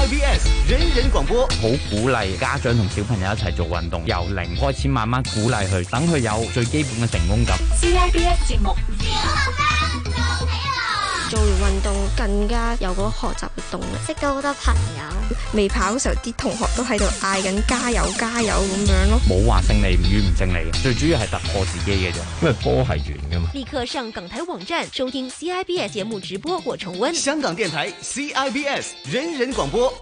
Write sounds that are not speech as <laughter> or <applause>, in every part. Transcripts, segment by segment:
I B S 人人廣播，好鼓勵家長同小朋友一齊做運動，由零開始慢慢鼓勵佢，等佢有最基本嘅成功感。I B S 節目。做完運動更加有個學習活動，識到好多朋友。未跑嘅時候，啲同學都喺度嗌緊加油加油咁樣咯，冇話勝利與唔勝利，最主要係突破自己嘅啫，因為波係圓噶嘛。立刻上港台網站收聽 CIBS 節目直播或重温。香港電台 CIBS 人人廣播。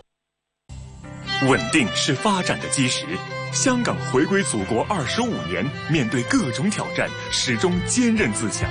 穩定是發展的基石。香港回歸祖國二十五年，面對各種挑戰，始終堅韌自強。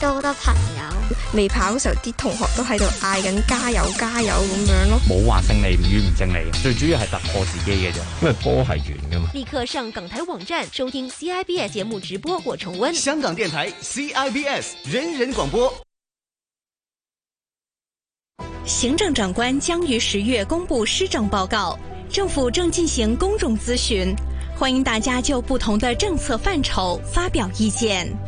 多得朋友，未跑嘅時候，啲同學都喺度嗌緊加油加油咁樣咯，哦。冇話勝利與唔勝利，最主要係突破自己嘅啫。因為波係圓噶嘛。立刻上港台網站收聽 CIBS 節目直播或重溫。香港電台 CIBS 人人廣播。行政長官將於十月公布施政報告，政府正進行公眾諮詢，歡迎大家就不同的政策範疇發表意見。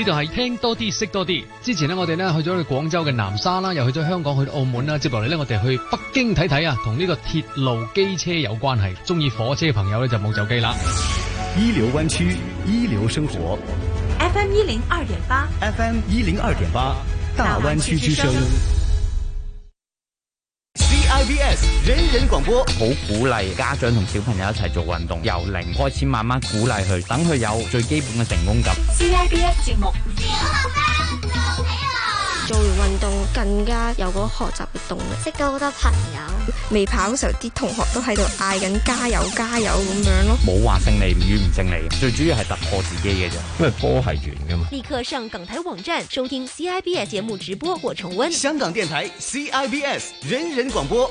呢度係聽多啲，識多啲。之前呢，我哋呢去咗去廣州嘅南沙啦，又去咗香港、去到澳門啦。接落嚟呢，我哋去北京睇睇啊，同呢個鐵路機車有關係。中意火車嘅朋友呢，就冇走機啦。醫療灣區，醫療生活。FM 一零二點八，FM 一零二點八，8，大灣區之聲。人人廣播好鼓勵家長同小朋友一齊做運動，由零開始慢慢鼓勵佢，等佢有最基本嘅成功感。CIBS 節目，做完運動更加有嗰學習嘅動力，識到好多朋友。未跑嘅時候，啲同學都喺度嗌緊加油加油咁樣咯。冇話勝利與唔勝利，最主要係突破自己嘅啫，因為波係圓噶嘛立刻上港台網站收聽 CIBS 節目直播或重溫。香港電台 CIBS 人人廣播。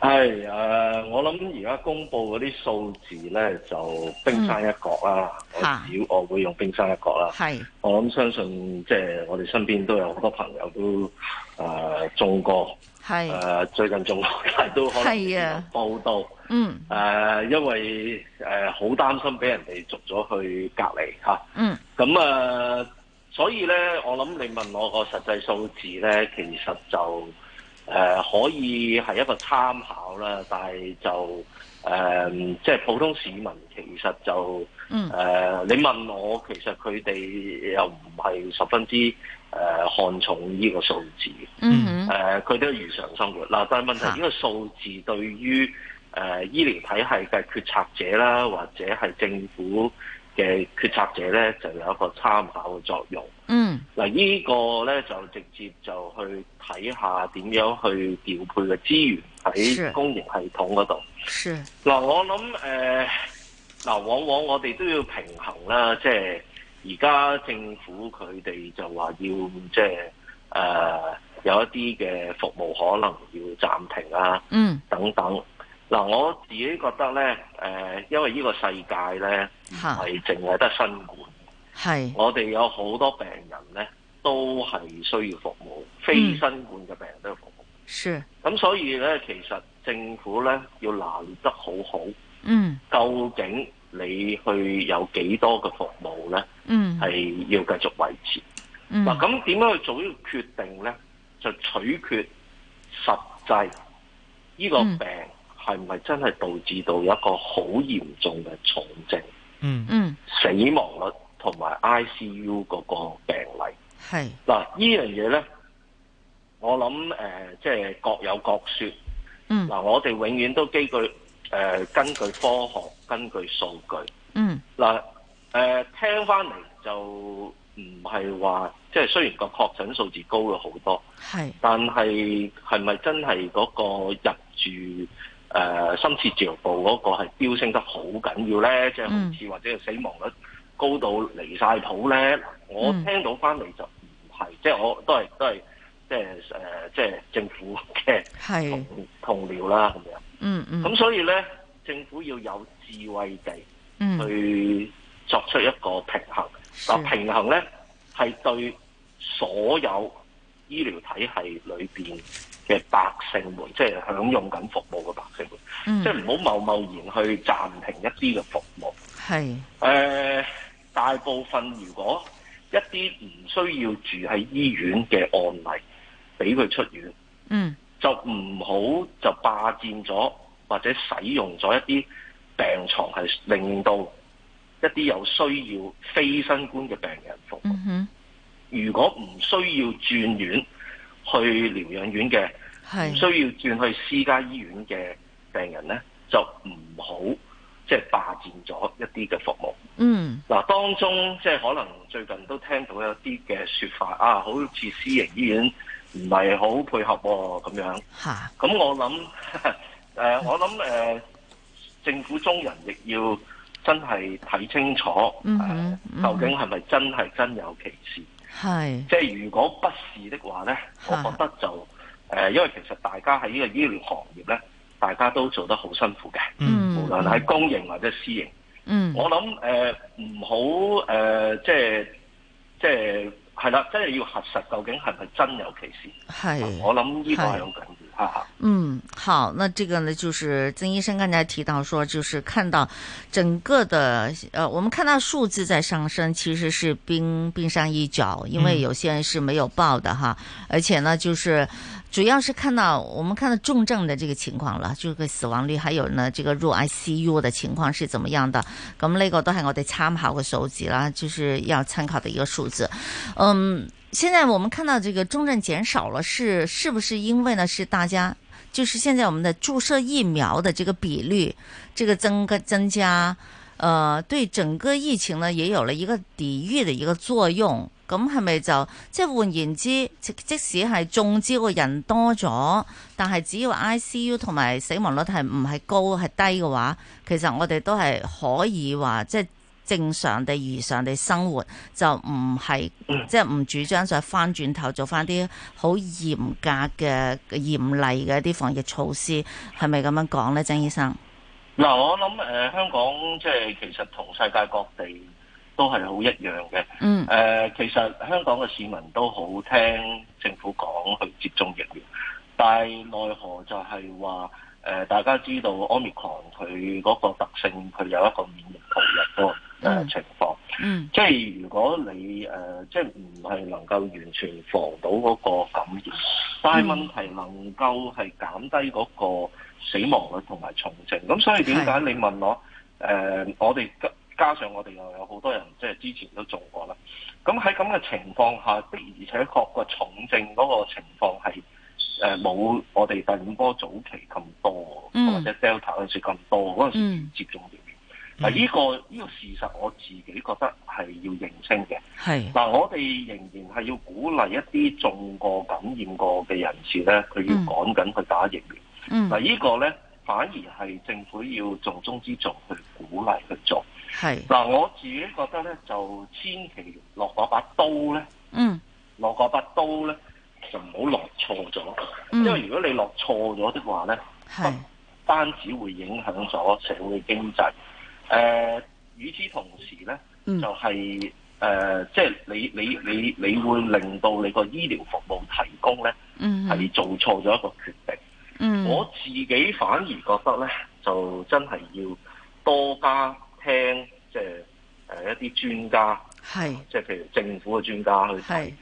係誒、呃，我諗而家公布嗰啲數字咧，就冰山一角啦。吓、嗯，啊、我我會用冰山一角啦。係是，我諗相信即係、就是、我哋身邊都有好多朋友都誒、呃、中過。係誒是、呃，最近中大家都可能報道。啊、多多嗯誒、呃，因為誒好擔心俾人哋逐咗去隔離吓。啊、嗯，咁啊、呃，所以咧，我諗你問我個實際數字咧，其實就。誒、呃、可以係一個參考啦，但係就誒即係普通市民其實就誒、嗯呃、你問我，其實佢哋又唔係十分之誒、呃、看重呢個數字。誒佢都係如常生活嗱，但係問題呢個數字對於誒、呃、醫療體系嘅決策者啦，或者係政府嘅決策者咧，就有一個參考嘅作用。嗯，嗱，呢個咧就直接就去睇下點樣去調配嘅資源喺公營系統嗰度。是，嗱，我諗誒，嗱，往往我哋都要平衡啦，即係而家政府佢哋就話要即係誒、呃、有一啲嘅服務可能要暫停啊嗯，等等。嗱、呃，我自己覺得咧，誒、呃，因為呢個世界咧係淨係得新冠。係，是我哋有好多病人咧，都係需要服務，非新冠嘅病人都要服務。嗯、是。咁所以咧，其實政府咧要拿捏得好好。嗯。究竟你去有幾多嘅服務咧？嗯。係要繼續維持。嗱、嗯，咁點樣去做呢個決定咧？就取決實際呢個病係唔係真係導致到有一個好嚴重嘅重症？嗯嗯。死亡率？同埋 ICU 嗰個病例嗱，是樣呢樣嘢咧，我諗即係各有各說。嗯，嗱、呃，我哋永遠都基據誒根據科學、根據數據。嗯，嗱誒、呃、聽翻嚟就唔係話即係雖然個確診數字高咗好多，係是，但係係咪真係嗰個入住誒、呃、深切治療部嗰個係飆升得呢、就是、好緊要咧？即係好似或者係死亡率？高度離晒譜咧！我聽到翻嚟就唔係、嗯呃，即係我都係都係即係即係政府嘅同僚啦咁樣。嗯嗯。咁所以咧，政府要有智慧地去、嗯、作出一個平衡。嗱是，平衡咧係對所有醫療體系裏邊嘅百姓們，即、就、係、是、享用緊服務嘅百姓們，嗯、即係唔好貿貿然去暫停一啲嘅服務。係是、呃大部分如果一啲唔需要住喺醫院嘅案例，俾佢出院，嗯，就唔好就霸占咗或者使用咗一啲病床，係令到一啲有需要非新冠嘅病人服。嗯、哼如果唔需要轉院去療養院嘅，唔是需要轉去私家醫院嘅病人呢，就唔好。即係霸佔咗一啲嘅服務，嗯，嗱，當中即、就是、可能最近都聽到有啲嘅說法啊，好似私營醫院唔係好配合咁、哦、樣，咁是我諗，誒、呃，我諗誒、呃、政府中人亦要真係睇清楚，呃嗯嗯、究竟係咪真係真有其事，即係是如果不是的話咧，是我覺得就誒、呃，因為其實大家喺呢個醫療行業咧，大家都做得好辛苦嘅。嗯。係公營或者私營，嗯，我諗誒唔好、呃、即係即係係啦，真係要核實究竟係咪真有其事。是我諗呢個係好緊。嗯，好，那這個呢，就是曾醫生剛才提到說，就是看到整個的呃，我們看到數字在上升，其實是冰冰山一角，因為有些人是沒有報的哈。而且呢，就是主要是看到我們看到重症的這個情況了，就是個死亡率，還有呢這個入 ICU 的情況是怎麼樣的。咁呢個都係我哋參考嘅數字啦，就是要參考的一個數字。嗯。現在我們看到這個重症減少了，是是不是因為呢？是大家，就是現在我們的注射疫苗的這個比率，這個增個增加，呃，對整個疫情呢也有了一個抵御的一個作用。咁係咪就即係換言之，即使係中招嘅人多咗，但係只要 ICU 同埋死亡率係唔係高係低嘅話，其實我哋都係可以話即係。正常地、如常地生活，就唔係即係唔主張再翻轉頭做翻啲好嚴格嘅嚴厲嘅一啲防疫措施，係咪咁樣講咧，曾醫生？嗱、嗯，我諗、呃、香港即係其實同世界各地都係好一樣嘅、嗯呃。其實香港嘅市民都好聽政府講去接種疫苗，但係奈何就係話、呃、大家知道奧密克戎佢嗰個特性，佢有一個免疫逃逸。誒、嗯呃、情況，即係如果你誒、呃，即係唔係能夠完全防到嗰個感染，嗯、但係問題能夠係減低嗰個死亡率同埋重症。咁所以點解你問我？誒是、呃，我哋加上我哋又有好多人即係之前都做過啦。咁喺咁嘅情況下，的而且確個重症嗰個情況係誒冇我哋第五波早期咁多，嗯、或者 Delta 嗰時咁多嗰陣時候接種點嗱，依、這個依、這個、事實，我自己覺得係要認清嘅。係嗱是、啊，我哋仍然係要鼓勵一啲中過感染過嘅人士咧，佢要趕緊去打疫苗。嗯。嗱、啊，這個、呢個咧反而係政府要重中之重去鼓勵去做。係嗱是、啊，我自己覺得咧，就千祈落嗰把刀咧，嗯，落嗰把刀咧就唔好落錯咗。嗯、因為如果你落錯咗的話咧，係、嗯、唔單止會影響咗社會經濟。誒、呃，與此同時咧、嗯，就是呃，就係、是、誒，即係你你你你會令到你個醫療服務提供咧，係、嗯、哼做錯咗一個決定。嗯哼，我自己反而覺得咧，就真係要多加聽，即、就、係、是呃、一啲專家，係是，即係、呃就是、譬如政府嘅專家去睇。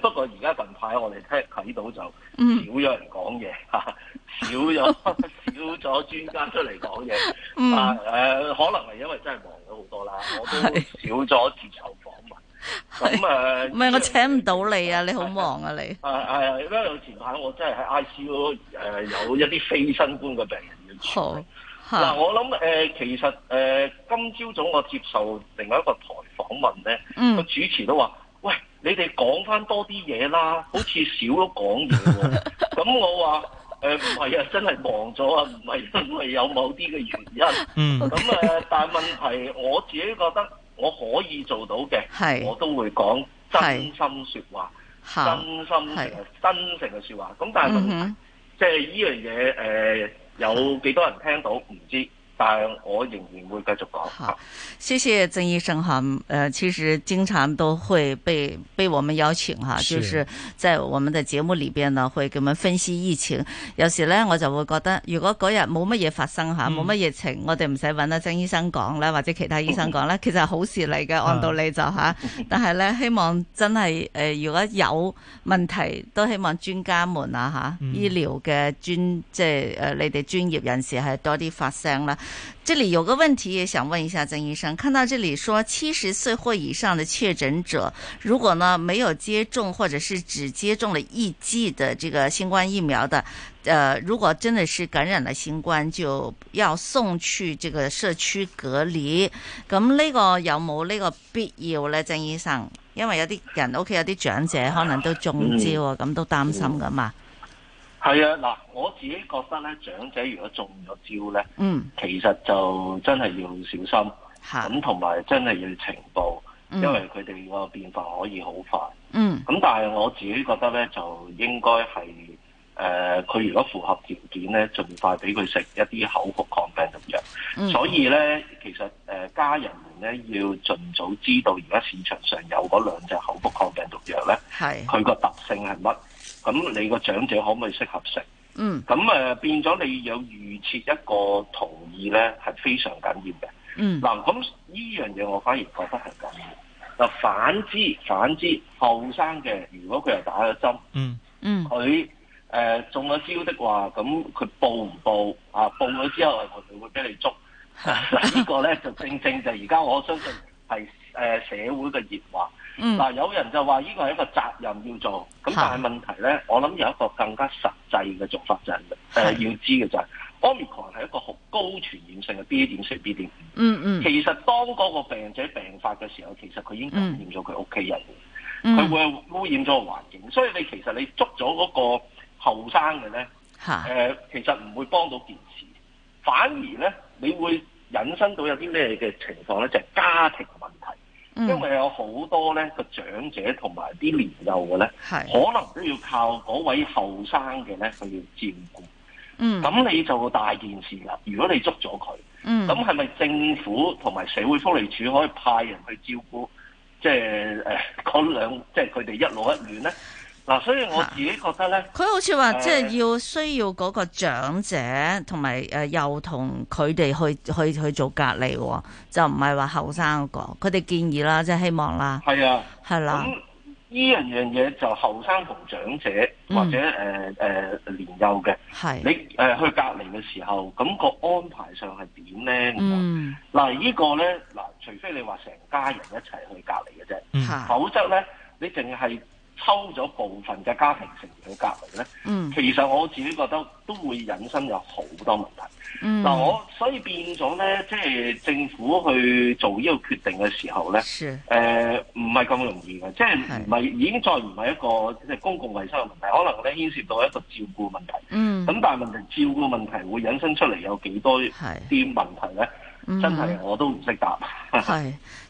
不過而家近排我哋聽睇到就少咗人講嘢，少咗少咗專家出嚟講嘢啊，可能係因為真係忙咗好多啦，我都少咗接受訪問。咁誒，唔係我請唔到你啊！你好忙啊你。係係因為前排我真係喺 ICU 有一啲非新冠嘅病人嗱，我諗其實誒今朝早我接受另外一個台訪問咧，個主持都話。你哋講翻多啲嘢啦，好似少咗講嘢喎。咁 <laughs> 我話誒唔係啊，真係忘咗啊，唔係因為有某啲嘅原因。咁誒、嗯，呃、 <laughs> 但係問題我自己覺得我可以做到嘅，是我都會講真心說話，是真心、是真誠嘅說話。咁是但係問、嗯、哼即係呢樣嘢誒，有幾多人聽到唔知？但係我仍然會繼續講。好，謝謝曾醫生哈，誒，其實經常都會被被我們邀請哈，就是在我們的節目裏邊會給我們分析疫情。有時呢，我就會覺得，如果嗰日冇乜嘢發生吓，冇乜疫情，嗯、我哋唔使搵阿曾醫生講啦，或者其他醫生講啦，其實是好事嚟嘅。 <laughs> 按道理就吓。但係呢，希望真係誒，如果有問題，都希望專家們啊吓，醫療嘅專即係誒，就是、你哋專業人士係多啲發聲啦。這裏有個問題也想問一下曾醫生，看到這裏說七十歲或以上的確診者，如果呢沒有接種，或者是只接種了一劑的這個新冠疫苗的，呃，如果真的是感染了新冠，就要送去這個社區隔離，咁呢個有冇呢個必要呢？曾醫生？因為有啲人屋企有啲長者可能都中招啊，咁、嗯、都擔心噶嘛。嗯係啊，嗱，我自己覺得咧，長者如果中咗招咧，嗯，其實就真係要小心，咁同埋真係要情報，嗯、因為佢哋個變化可以好快，嗯，咁但係我自己覺得咧，就應該係誒，佢、呃、如果符合條件咧，盡快俾佢食一啲口服抗病毒藥，嗯、所以咧，其實誒、呃、家人們咧要盡早知道而家市場上有嗰兩隻口服抗病毒藥咧，係佢個的特性係乜？咁你個長者可唔可以適合食？嗯，咁誒、呃、變咗你有預設一個同意咧，係非常緊要嘅。嗯，嗱，咁呢樣嘢我反而覺得係咁嘅。嗱，反之反之，後生嘅如果佢又打咗針、嗯，嗯嗯，佢誒、呃、中咗招的話，咁佢報唔報啊？報咗之後，佢會俾你捉。嗱， <laughs> 呢個咧就正正就而家我相信係誒、呃、社會嘅熱話。嗱、嗯啊，有人就話呢個係一個責任要做，咁但係問題咧，是我諗有一個更加實際嘅做法就係、是是呃，要知嘅就係，Omicron 係一個好高傳染性嘅 B 點 c B 點。嗯嗯，其實當嗰個病者病發嘅時候，其實佢已經感染咗佢屋企人，佢、嗯、會污染咗個環境，所以你其實你捉咗嗰個後生嘅咧，其實唔會幫到件事，反而咧你會引申到有啲咩嘅情況咧，就係、是、家庭問。因為有好多咧個長者同埋啲年幼嘅咧，的嗯、可能都要靠嗰位後生嘅咧去照顧。嗯，咁你就大件事啦。如果你捉咗佢，咁係咪政府同埋社會福利署可以派人去照顧？即係誒嗰兩，即係佢哋一老一嫩咧？嗱、啊，所以我自己覺得咧，佢、啊、好似話即係要需要嗰個長者同埋又同佢哋去去去做隔離、哦，就唔係話後生個佢哋建議啦，即、就、係、是、希望啦，係啊，係啦、啊。呢依樣樣嘢就後生同長者、嗯、或者、呃、年幼嘅，是你、呃、去隔離嘅時候，咁、那個安排上係點咧？嗯，嗱、啊這個、呢個咧嗱，除非你話成家人一齊去隔離嘅啫，啊、否則咧你淨係。抽咗部分嘅家庭成員去隔離咧，嗯，其實我自己覺得都會引申有好多問題。嗱，嗯，我所以變咗咧，即係政府去做呢個決定嘅時候咧，誒唔係咁容易嘅，即係唔係已經再唔係一個即係公共衞生嘅問題，可能咧牽涉到一個照顧問題。咁，嗯，但係問題照顧問題會引申出嚟有幾多啲問題咧？真係我都唔識答。是 <laughs>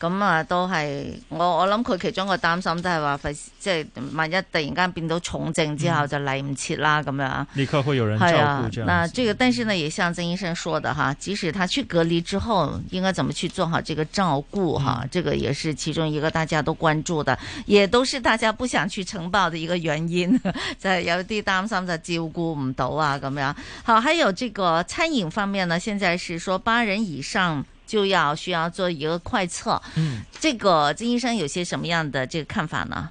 咁啊，都係我我諗佢其中一個擔心都係話費事，即係萬一突然間變到重症之後就嚟唔切啦咁樣。立刻會有人照顧、啊、這樣。那呢、這，個，但是呢，也像曾醫生說的哈，即使他去隔離之後，應該怎麼去做好這個照顧哈、嗯啊？這個也是其中一個大家都關注的，嗯、也都是大家不想去承包的一個原因，就係、嗯、 <laughs> 有啲擔心就照顧唔到啊咁樣。好，還有這個餐飲方面呢，現在是說八人以上。就要需要做一個快測，嗯，這個曾醫生有些什麼樣的這個看法呢？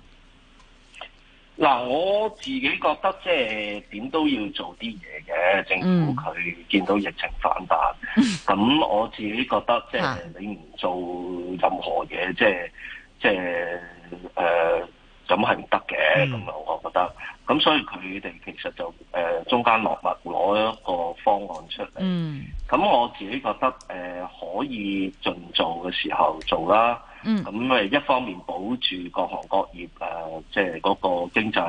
嗱，我自己覺得即係點都要做啲嘢嘅，政府佢見到疫情反彈，咁、嗯、我自己覺得即、就、係、是嗯、你唔做任何嘢，啊、即係即係誒。呃咁係唔得嘅，咁、嗯、我覺得，咁所以佢哋其實就、呃、中間落墨攞一個方案出嚟。咁、嗯、我自己覺得、呃、可以盡做嘅時候做啦。咁、嗯、一方面保住各行各業、呃、即係嗰個經濟；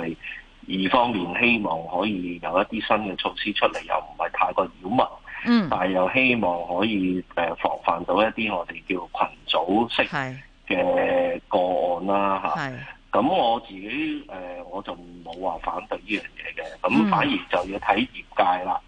二方面希望可以有一啲新嘅措施出嚟，又唔係太過擾民。嗯。但係又希望可以、呃、防範到一啲我哋叫群組式嘅個案啦，是啊。咁我自己誒、呃，我就冇話反對呢樣嘢嘅，咁反而就要睇業界啦，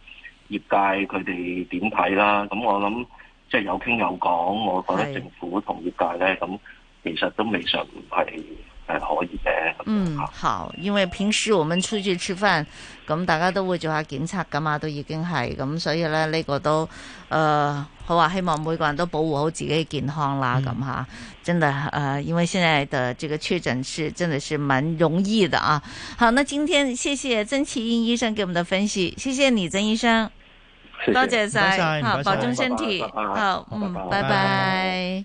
嗯、業界佢哋點睇啦？咁我諗即係有傾有講，我覺得政府同業界咧，咁是其實都未嘗唔係。係可以嘅。嗯，好，因為平時我們出去吃飯，咁大家都會做下檢測噶嘛，都已經係咁，所以呢，呢、這個都，誒、呃，好啊，希望每個人都保護好自己嘅健康啦，咁吓、嗯，真的誒、呃，因為現在的這個確診是真係是蠻容易的啊。好，那今天謝謝曾祈殷醫生給我們的分析，謝謝你曾醫生，多謝晒，謝謝好，保重身體，好，嗯，拜拜。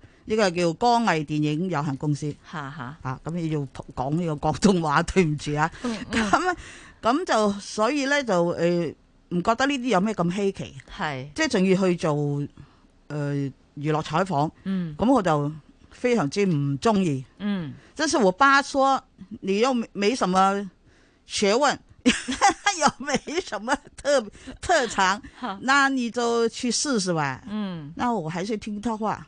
呢個叫光藝電影有限公司。吓吓哈啊！咁你要講呢個廣東話，對唔住啊。咁咁、嗯、就所以咧就誒，唔、呃、覺得呢啲有咩咁稀奇？係是，即係仲要去做誒娛樂採訪。呃、嗯。咁我就非常之唔中意。嗯。即係我爸說，你又沒沒什麼學問，又 <laughs> 沒什麼特特長，嗯、那你就去試試吧。嗯。那我還是聽他話。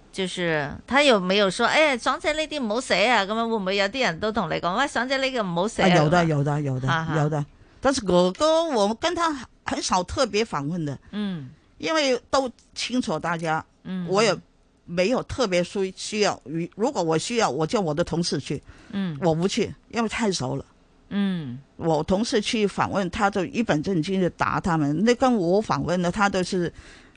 就是，他有沒有說，哎，爽姐呢啲唔好寫啊，咁樣會唔會有啲人都同你講，喂、哎，爽姐呢個唔好寫啊。有的，有的，有的，有的哈。但是哥哥，我跟他很少特別訪問的。嗯。因為都清楚大家，嗯。我也沒有特別需需要，嗯、如果我需要，我叫我的同事去。嗯。我不去，因為太熟了。嗯。我同事去訪問，他都一本正經的答他們。那跟我訪問的，他都是。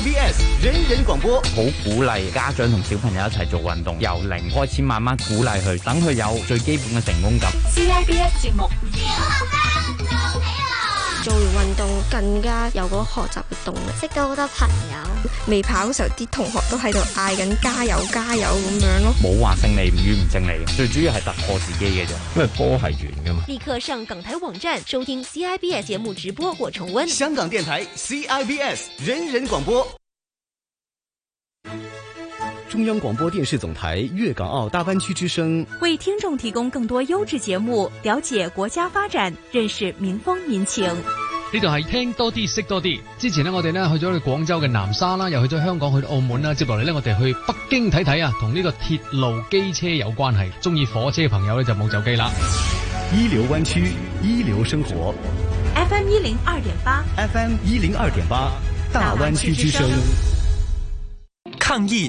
CIBS 人人廣播好鼓勵家長同小朋友一齊做運動，由零開始慢慢鼓勵佢，等佢有最基本嘅成功感。CIBS 節目。做完運動更加有嗰學習嘅動力，識到好多朋友。未跑嘅時候，啲同學都喺度嗌緊加油加油咁樣咯。冇話勝利與唔勝利，最主要係突破自己嘅啫。因為波係圓噶嘛。立刻上港台網站收聽 CIBS 節目直播或重温香港電台 CIBS 人人廣播。中央廣播電視總台粵港澳大灣區之聲，為聽眾提供更多優質節目，了解國家發展，認識民風民情。呢度係聽多啲，識多啲。之前呢，我哋呢去咗去廣州嘅南沙啦，又去咗香港、去到澳門啦。接落嚟呢，我哋去北京睇睇啊，同呢個鐵路機車有關係。中意火車嘅朋友呢，就冇走機啦。一流灣區，一流生活。FM 一零二點八，FM 一零二點八，8, 大灣區之聲。之聲抗疫。